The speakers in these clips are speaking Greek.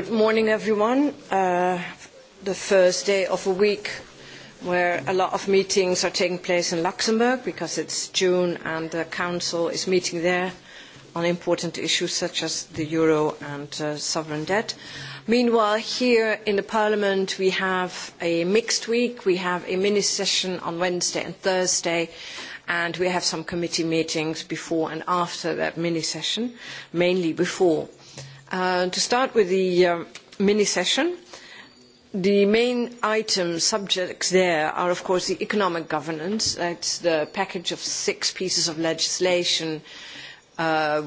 Good morning, everyone. The first day of a week where a lot of meetings are taking place in Luxembourg because it's June and the Council is meeting there on important issues such as the euro and sovereign debt. Meanwhile, here in the Parliament, we have a mixed week. We have a mini session on Wednesday and Thursday, and we have some committee meetings before and after that mini session, mainly before. To start with the mini session, the main item subjects there are, of course, the economic governance. That's the package of six pieces of legislation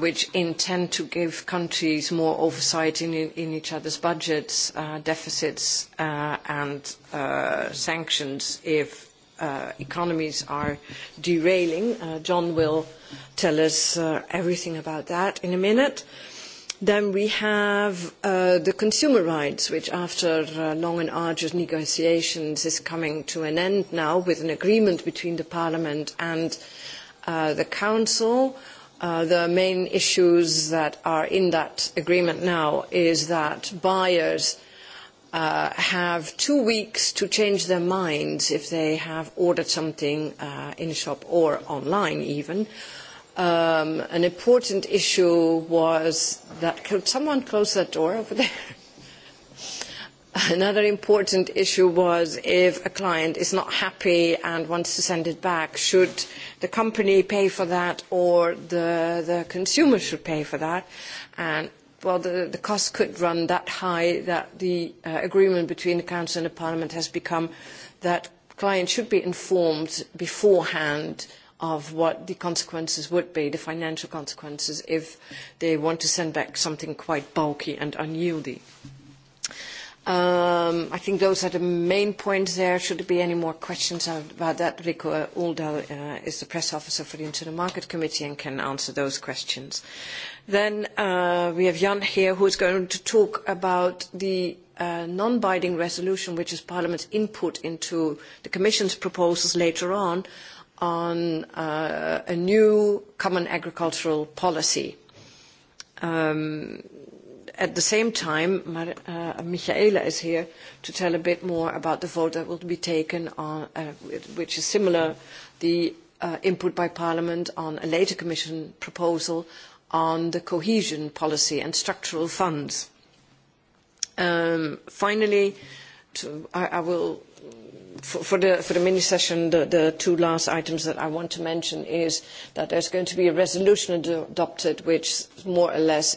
which intend to give countries more oversight in each other's budgets, deficits and sanctions if economies are derailing. John will tell us everything about that in a minute. Then we have the consumer rights, which after long and arduous negotiations is coming to an end now with an agreement between the Parliament and the Council. The main issues that are in that agreement now is that buyers have two weeks to change their minds if they have ordered something in shop or online even An important issue was that could someone close that door over there? Another important issue was if a client is not happy and wants to send it back, should the company pay for that or the the consumer should pay for that? And well, the cost could run that high that the agreement between the Council and the Parliament has become that clients should be informed beforehand of what the consequences would be, the financial consequences, if they want to send back something quite bulky and unyieldy. I think those are the main points there. Should there be any more questions about that, Rico Uldal is the press officer for the Internal Market Committee and can answer those questions. Then we have Jan here who is going to talk about the non-binding resolution, which is Parliament's input into the Commission's proposals later on on a new common agricultural policy. At the same time, Michaela is here to tell a bit more about the vote that will be taken on, which is similar, the input by Parliament on a later Commission proposal on the cohesion policy and structural funds. Finally, I will for the mini session, the two last items that I want to mention is that there is going to be a resolution adopted which more or less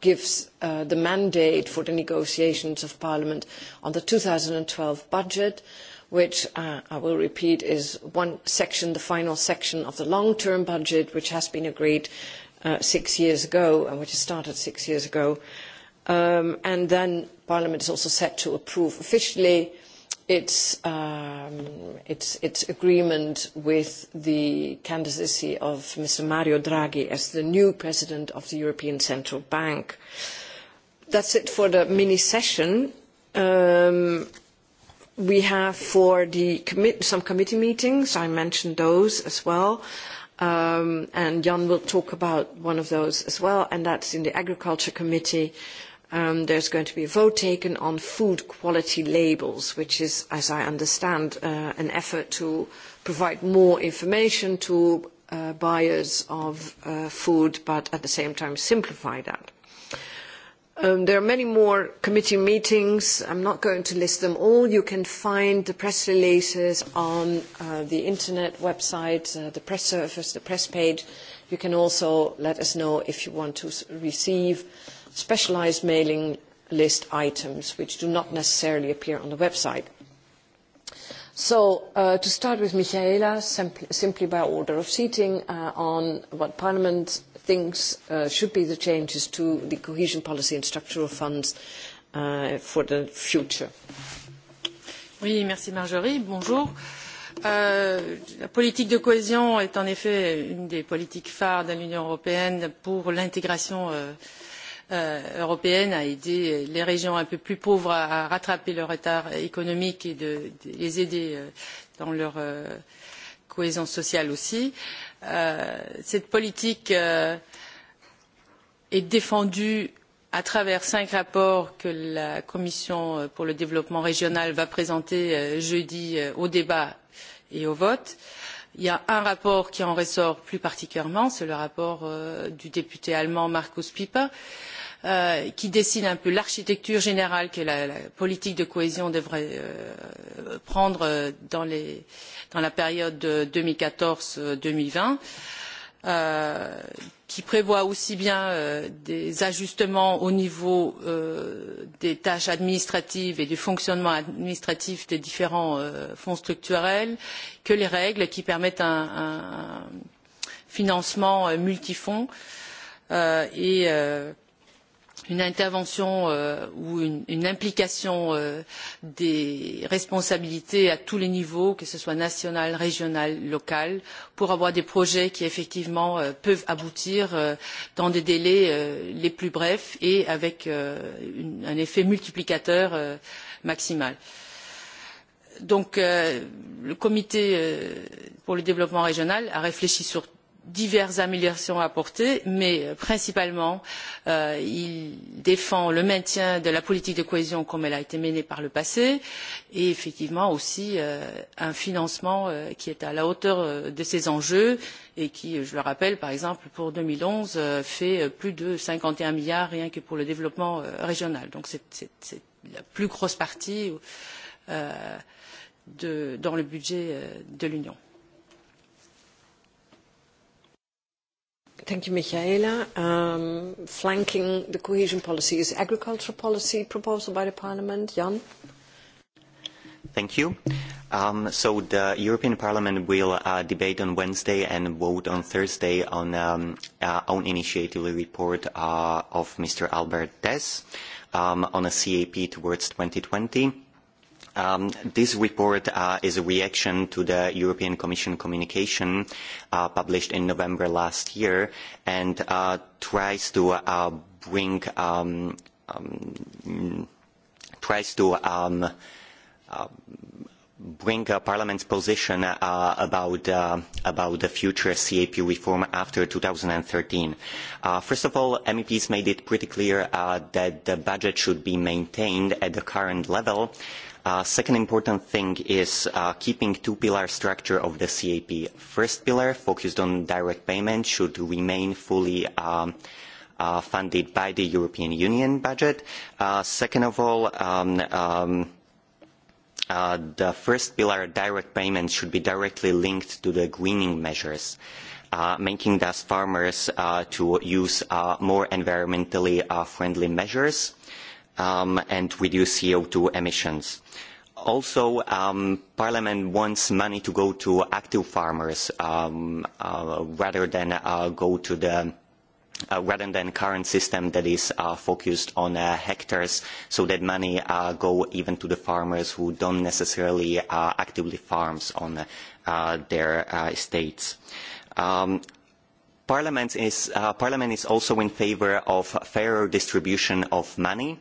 gives the mandate for the negotiations of Parliament on the 2012 budget, which I will repeat is one section, the final section of the long-term budget, which has been agreed six years ago and which started six years ago. And then Parliament is also set to approve officially its agreement with the candidacy of Mr. Mario Draghi as the new president of the European Central Bank. That's it for the mini-session. We have for some committee meetings, I mentioned those as well, and Jan will talk about one of those as well, and that's in the Agriculture Committee There's going to be a vote taken on food quality labels, which is, as I understand, an effort to provide more information to buyers of food, but at the same time simplify that. There are many more committee meetings. I'm not going to list them all. You can find the press releases on the internet website, the press service, the press page. You can also let us know if you want to receive specialised mailing list items which do not necessarily appear on the website. So to start with Michaela, simply by order of seating, on what Parliament thinks should be the changes to the cohesion policy and structural funds for the future. Oui, merci Marjorie. Bonjour. La politique de cohésion est en effet une des politiques phares de l'Union européenne pour l'intégration européenne à aider les régions un peu plus pauvres à rattraper leur retard économique et de les aider dans leur cohésion sociale aussi. Cette politique est défendue à travers cinq rapports que la Commission pour le développement régional va présenter jeudi au débat et au vote. Il y a un rapport qui en ressort plus particulièrement, c'est le rapport du député allemand Markus Pieper, qui dessine un peu l'architecture générale que la politique de cohésion devrait prendre dans la période 2014-2020 qui prévoit aussi bien des ajustements au niveau des tâches administratives et du fonctionnement administratif des différents fonds structurels que les règles qui permettent un financement multifonds et une intervention ou une implication des responsabilités à tous les niveaux, que ce soit national, régional, local, pour avoir des projets qui, effectivement, peuvent aboutir dans des délais les plus brefs et avec un effet multiplicateur maximal. Donc, le Comité pour le développement régional a réfléchi sur diverses améliorations apportées mais principalement il défend le maintien de la politique de cohésion comme elle a été menée par le passé et effectivement aussi un financement qui est à la hauteur de ces enjeux et qui je le rappelle par exemple pour deux mille onze fait plus de cinquante et un milliards rien que pour le développement régional. donc c'est la plus grosse partie dans le budget de l'union. Thank you, Michaela. Flanking the cohesion policy is agricultural policy proposal by the Parliament. Jan? Thank you. So the European Parliament will debate on Wednesday and vote on Thursday on own initiative report of Mr. Albert Dess on a CAP towards 2020 This report is a reaction to the European Commission communication published in November last year and tries to bring tries to bring Parliament's position about the future CAP reform after 2013. First of all, MEPs made it pretty clear that the budget should be maintained at the current level Second important thing is keeping two-pillar structure of the CAP. First pillar, focused on direct payment, should remain fully funded by the European Union budget. Second of all, the first pillar, direct payments, should be directly linked to the greening measures making thus farmers to use more environmentally friendly measures and reduce CO2 emissions. Also, Parliament wants money to go to active farmers rather than go to the rather than current system that is focused on hectares, so that money go even to the farmers who don't necessarily actively farm on their estates. Parliament is also in favour of fairer distribution of money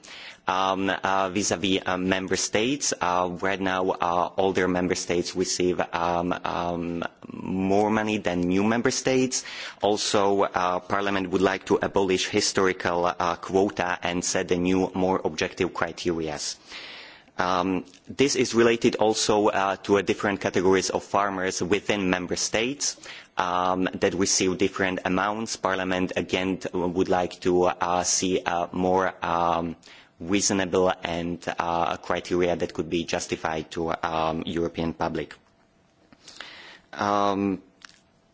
vis-à-vis member states. Right now, older member states receive more money than new member states. Also, Parliament would like to abolish historical quota and set the new, more objective criteria. This is related also to different categories of farmers within member states that receive different amounts. Parliament, again, would like to see more reasonable and criteria that could be justified to European public.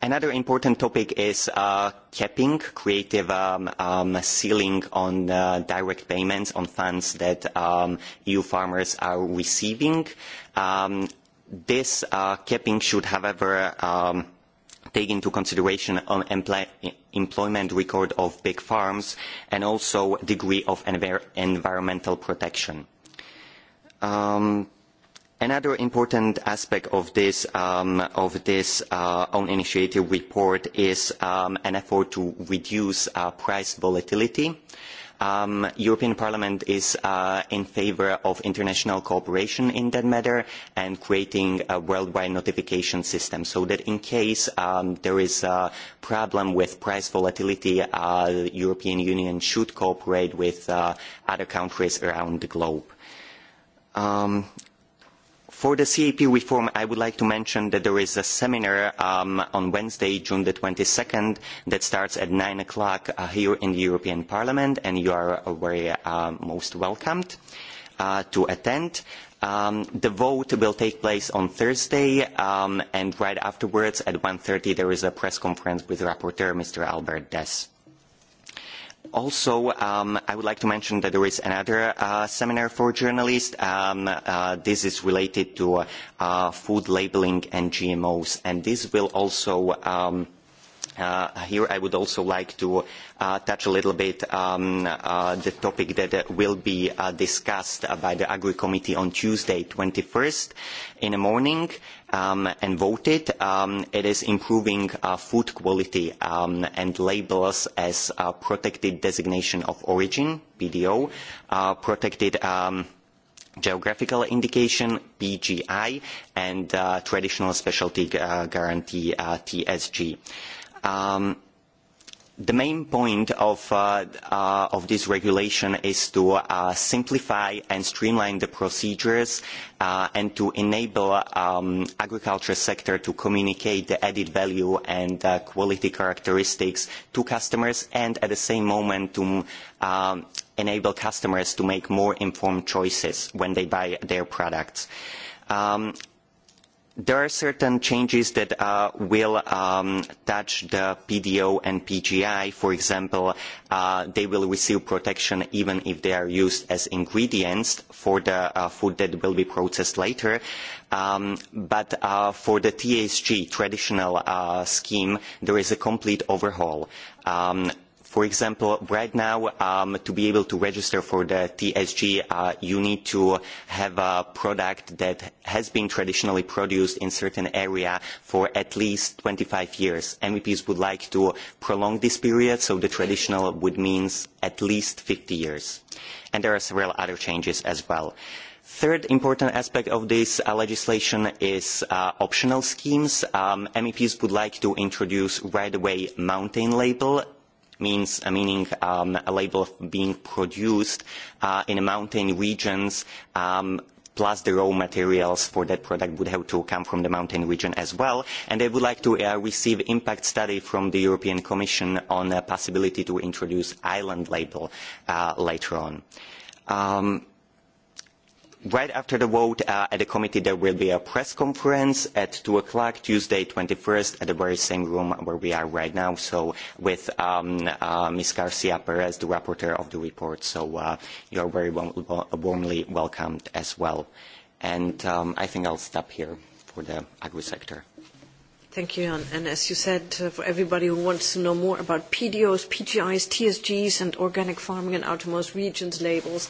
Another important topic is capping, creative ceiling on direct payments on funds that EU farmers are receiving. This capping should, however, take into consideration the employment record of big farms and also degree of environmental protection. Another important aspect of this own initiative report is an effort to reduce price volatility The European Parliament is in favour of international cooperation in that matter and creating a worldwide notification system so that in case there is a problem with price volatility, the European Union should cooperate with other countries around the globe. For the CAP reform, I would like to mention that there is a seminar on Wednesday, June the 22nd, that starts at 9 o'clock here in the European Parliament, and you are very most welcomed to attend. The vote will take place on Thursday, and right afterwards at 1.30 there is a press conference with Rapporteur Mr. Albert Dess. Also, um I would like to mention that there is another seminar for journalists. This is related to food labeling and GMOs, and this will also Here I would also like to touch a little bit on the topic that will be discussed by the Agri Committee on Tuesday 21st in the morning and voted. It is improving food quality and labels as protected designation of origin, PDO, protected geographical indication PGI and traditional specialty guarantee TSG. The main point of this regulation is to simplify and streamline the procedures and to enable the agriculture sector to communicate the added value and quality characteristics to customers and at the same moment to enable customers to make more informed choices when they buy their products. There are certain changes that will touch the PDO and PGI. For example, they will receive protection even if they are used as ingredients for the food that will be processed later. But for the TSG traditional scheme, there is a complete overhaul For example, right now, to be able to register for the TSG, you need to have a product that has been traditionally produced in certain area for at least 25 years. MEPs would like to prolong this period, so the traditional would mean at least 50 years. And there are several other changes as well. Third important aspect of this legislation is optional schemes. MEPs would like to introduce right away mountain label means meaning a label being produced in mountain regions plus the raw materials for that product would have to come from the mountain region as well. And they would like to receive impact study from the European Commission on the possibility to introduce island label later on. Right after the vote at the committee there will be a press conference at 2 o'clock Tuesday 21st at the very same room where we are right now, so with Ms. Garcia Perez, the rapporteur of the report. So you are very warmly welcomed as well. And I think I'll stop here for the agri-sector. Thank you, Jan. And as you said, for everybody who wants to know more about PDOs, PGIs, TSGs, and organic farming and outermost regions labels,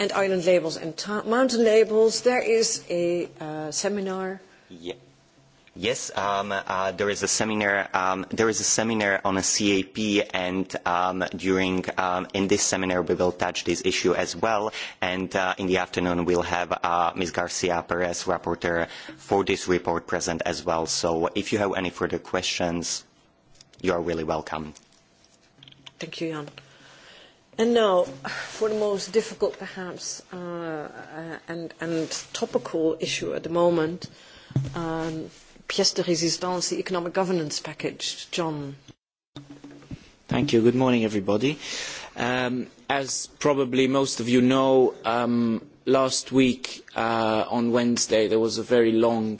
and island labels and mountain labels. There is a seminar. Yes, there is a seminar. There is a seminar on a CAP, and during in this seminar we will touch this issue as well. And in the afternoon we'll have Ms. Garcia Perez, reporter for this report, present as well. So if you have any further questions, you are really welcome. Thank you, Jan. And now, for the most difficult, perhaps, and, and topical issue at the moment, um, pièce de résistance, the economic governance package. John. Thank you. Good morning, everybody. Um, as probably most of you know, um, last week on Wednesday there was a very long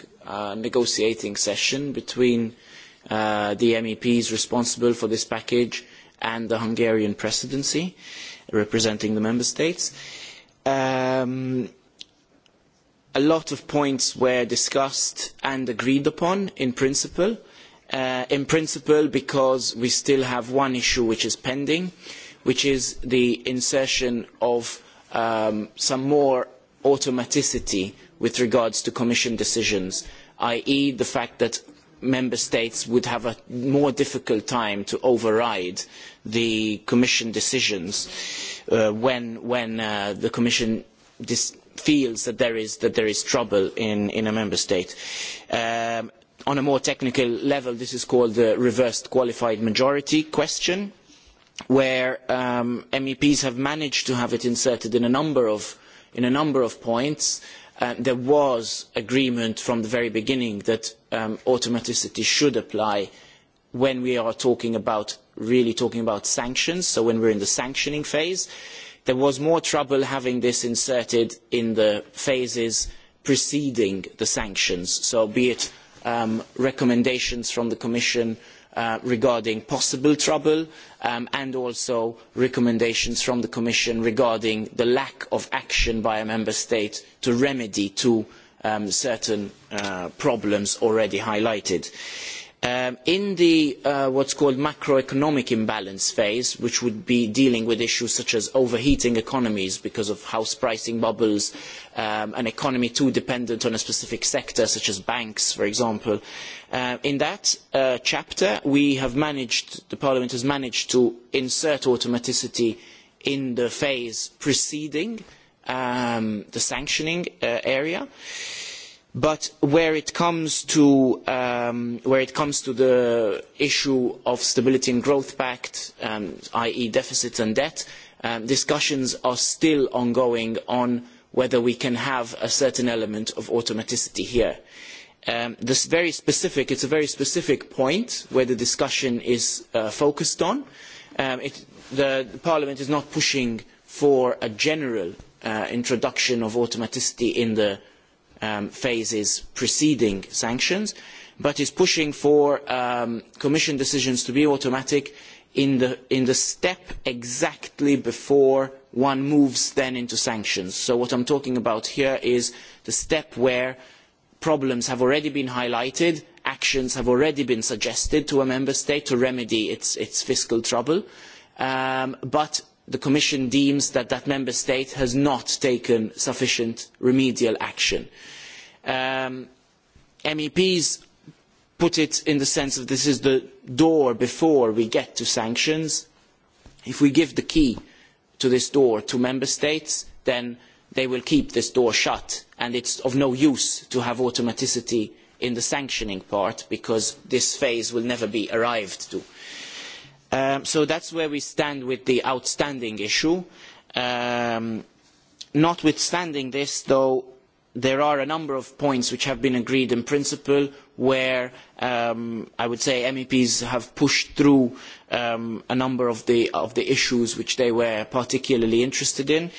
negotiating session between the MEPs responsible for this package and the Hungarian presidency representing the member states. A lot of points were discussed and agreed upon in principle. In principle because we still have one issue which is pending, which is the insertion of some more automaticity with regards to Commission decisions, i.e. the fact that member states would have a more difficult time to override the commission decisions when the commission feels that there is trouble in a member state. on a more technical level this is called the reversed qualified majority question where meps have managed to have it inserted in a number of points there was agreement from the very beginning that automaticity should apply when we are talking about really talking about sanctions, so when we are in the sanctioning phase. There was more trouble having this inserted in the phases preceding the sanctions, so be it recommendations from the Commission regarding possible trouble and also recommendations from the Commission regarding the lack of action by a Member State to remedy to certain problems already highlighted. In the what's called macroeconomic imbalance phase, which would be dealing with issues such as overheating economies because of house pricing bubbles, an economy too dependent on a specific sector, such as banks, for example. In that chapter, we have managed, the Parliament has managed to insert automaticity in the phase preceding the sanctioning area. But where it comes to the issue of stability and growth pact, i.e. deficits and debt, discussions are still ongoing on whether we can have a certain element of automaticity here. This it's a very specific point where the discussion is focused on. The Parliament is not pushing for a general introduction of automaticity in the phases preceding sanctions, but is pushing for Commission decisions to be automatic in the step exactly before one moves then into sanctions. So what I'm talking about here is the step where problems have already been highlighted, actions have already been suggested to a member state to remedy its fiscal trouble, but the Commission deems that that Member State has not taken sufficient remedial action. MEPs put it in the sense that this is the door before we get to sanctions. If we give the key to this door to Member States, then they will keep this door shut, and it is of no use to have automaticity in the sanctioning part, because this phase will never be arrived to. So that's where we stand with the outstanding issue. Notwithstanding this, though, there are a number of points which have been agreed in principle where I would say MEPs have pushed through a number of the issues which they were particularly interested in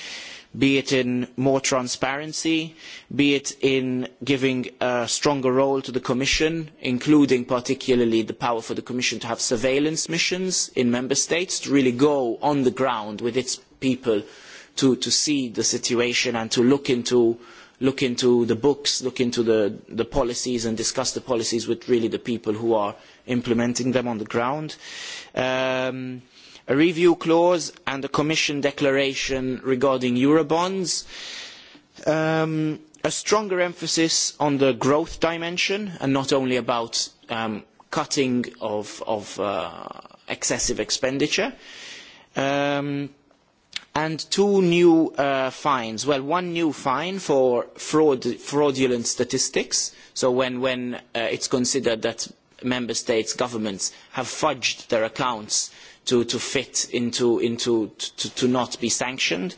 be it in more transparency, be it in giving a stronger role to the Commission, including particularly the power for the Commission to have surveillance missions in Member States, to really go on the ground with its people to see the situation and to look into the books, look into the policies and discuss the policies with really the people who are implementing them on the ground a review clause and a Commission declaration regarding Eurobonds, a stronger emphasis on the growth dimension and not only about cutting of excessive expenditure, and two new fines. Well, one new fine for fraudulent statistics, so when it's considered that member states' governments have fudged their accounts to fit into to not be sanctioned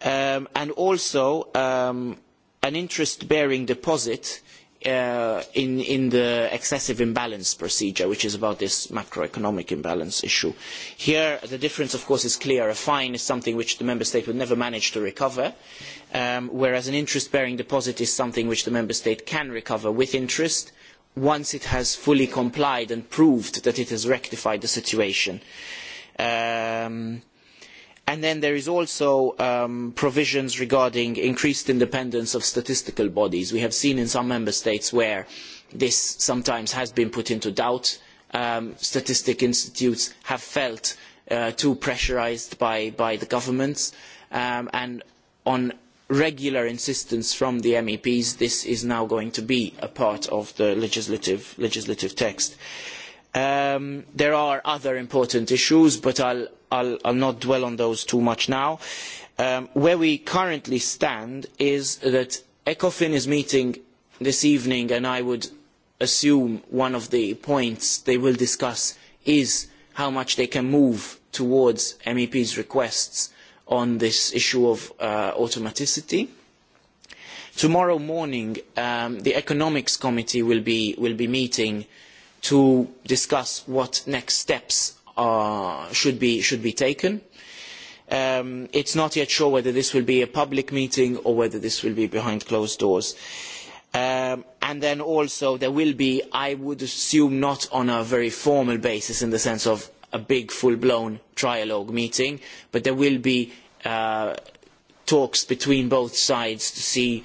and also an interest bearing deposit in the excessive imbalance procedure which is about this macroeconomic imbalance issue. Here the difference of course is clear. A fine is something which the member state would never manage to recover whereas an interest bearing deposit is something which the member state can recover with interest once it has fully complied and proved that it has rectified the situation. And then there is also provisions regarding increased independence of statistical bodies. We have seen in some member states where this sometimes has been put into doubt. Statistic institutes have felt too pressurised by the governments and on regular insistence from the meps this is now going to be a part of the legislative text. there are other important issues but I'll will not dwell on those too much now. where we currently stand is that ecofin is meeting this evening and i would assume one of the points they will discuss is how much they can move towards meps' requests on this issue of automaticity. Tomorrow morning, the Economics Committee will be meeting to discuss what next steps should be taken. It's not yet sure whether this will be a public meeting or whether this will be behind closed doors. And then also there will be, I would assume, not on a very formal basis in the sense of a big full blown trialogue meeting but there will be talks between both sides to see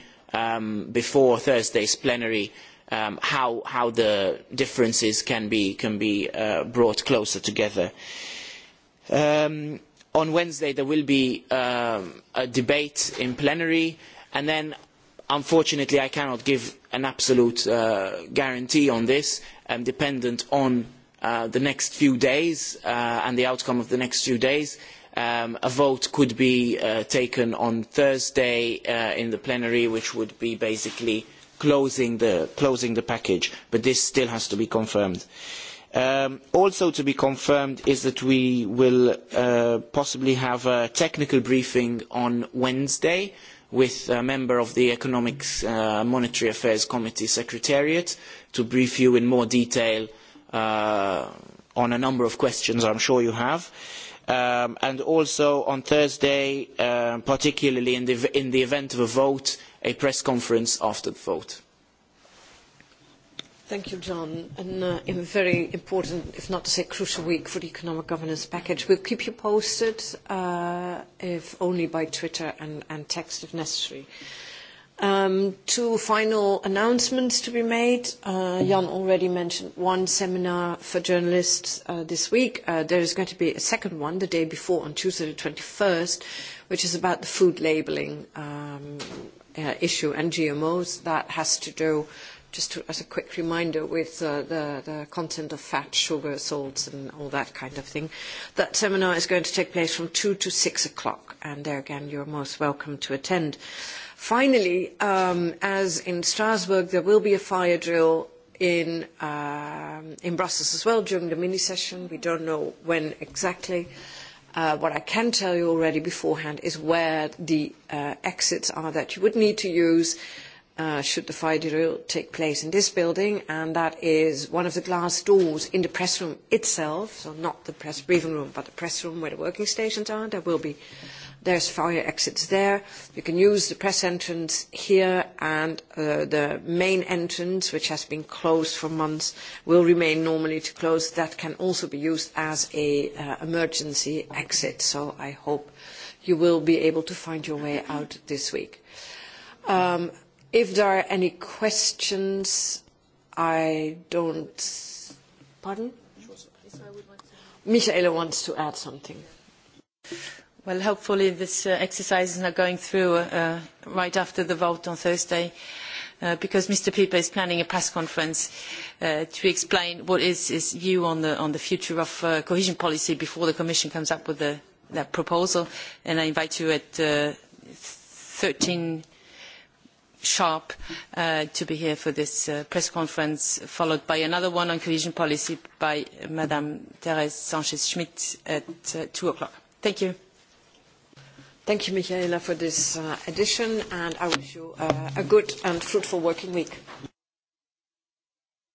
before thursday's plenary how the differences can be brought closer together. on wednesday there will be a debate in plenary and then unfortunately i cannot give an absolute guarantee on this dependent on the next few days and the outcome of the next few days. A vote could be taken on Thursday in the plenary, which would be basically closing the package, but this still has to be confirmed. Also to be confirmed is that we will possibly have a technical briefing on Wednesday with a member of the Economic Monetary Affairs Committee Secretariat to brief you in more detail on a number of questions I'm sure you have. And also on Thursday, particularly in the event of a vote, a press conference after the vote. Thank you, John. And in a very important, if not to say crucial week for the economic governance package, we'll keep you posted, if only by Twitter and text if necessary. Two final announcements to be made. Jan already mentioned one seminar for journalists this week. There is going to be a second one the day before on Tuesday the 21st, which is about the food labelling issue and GMOs. That has to do, just as a quick reminder, with the content of fat, sugar, salts and all that kind of thing. That seminar is going to take place from 2 to 6 o'clock, and there again you're most welcome to attend. Finally, as in Strasbourg, there will be a fire drill in Brussels as well during the mini session. We don't know when exactly. What I can tell you already beforehand is where the exits are that you would need to use should the fire drill take place in this building, and that is one of the glass doors in the press room itself, so not the press briefing room, but the press room where the working stations are. There will be There's fire exits there. You can use the press entrance here and the main entrance, which has been closed for months, will remain normally to close. That can also be used as an emergency exit. So I hope you will be able to find your way out this week. If there are any questions, I don't. Pardon? Michaela wants to add something. Well, hopefully this exercise is not going through right after the vote on Thursday, because Mr. Pieper is planning a press conference to explain what is his view on the future of cohesion policy before the Commission comes up with that proposal. And I invite you at 13 sharp to be here for this press conference, followed by another one on cohesion policy by Madame Thérèse Sanchez-Schmidt at 2 o'clock. Thank you. Thank you, Michaela, for this addition, and I wish you a good and fruitful working week.